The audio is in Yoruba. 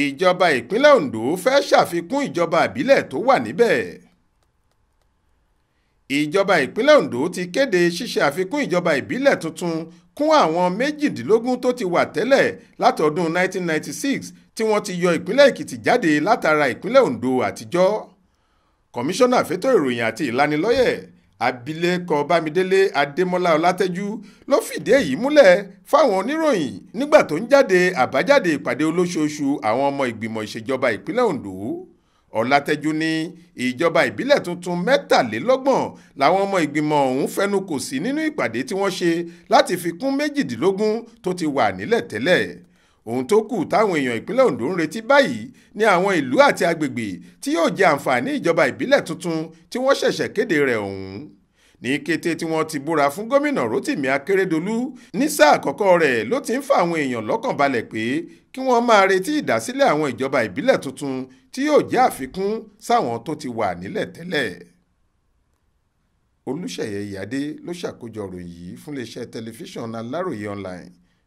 ìjọba ìpínlẹ̀ Ondo fẹ́ ṣàfikún ìjọba ìbílẹ̀ tó wà níbẹ̀ ìjọba ìpínlẹ̀ Ondo ti kéde ṣíṣe àfikún ìjọba ìbílẹ̀ tuntun kún àwọn méjìdínlógún tó ti wà tẹ́lẹ̀ látọdún 1996 tí wọ́n ti yọ ìpínlẹ̀ Èkìtì jáde látara ìpínlẹ̀ Ondo àtijọ́ kọmíṣánná fétò ìròyìn àti ìlanilọ́yẹ̀ abilékọ bámidélé adémọlá ọlátẹ́jú ló fìdí èyí múlẹ̀ fáwọn oníròyìn nígbà tó ń jáde àbájáde ìpàdé olóṣooṣù àwọn ọmọ ìgbìmọ̀ ìṣèjọba ìpínlẹ̀ ondo ọlátẹ́jú ní ìjọba ìbílẹ̀ tuntun mẹ́tàlélọ́gbọ̀n làwọn ọmọ ìgbìmọ̀ ọ̀hún fẹnu kò sí nínú ìpàdé tí wọ́n ṣe láti fi kún méjìdínlógún tó ti wà nílẹ̀ tẹ́lẹ̀ ohun tó kù táwọn èèyàn ìpínlẹ̀ Ondo ń retí báyìí ni àwọn ìlú àti agbègbè tí yóò jẹ àǹfààní ìjọba ìbílẹ̀ tuntun tí wọ́n ṣẹ̀ṣẹ̀ kéde rẹ̀ ọ̀hún ní kété tí wọ́n ti búra fún gómìnà Rotimi Akeredolu ní sáà àkọ́kọ́ rẹ̀ ló ti ń fa àwọn èèyàn lọ́kàn balẹ̀ pé kí wọ́n máa retí ìdásílẹ̀ àwọn ìjọba ìbílẹ̀ tuntun tí yóò jẹ́ àfikún sáwọn tó ti wà nílẹ̀ tẹ́lẹ̀ Olúṣèyẹ Ìyádé ló ṣàkójọ ròyìn yìí fún iléeṣẹ́ tẹlifíṣàn Aláròye online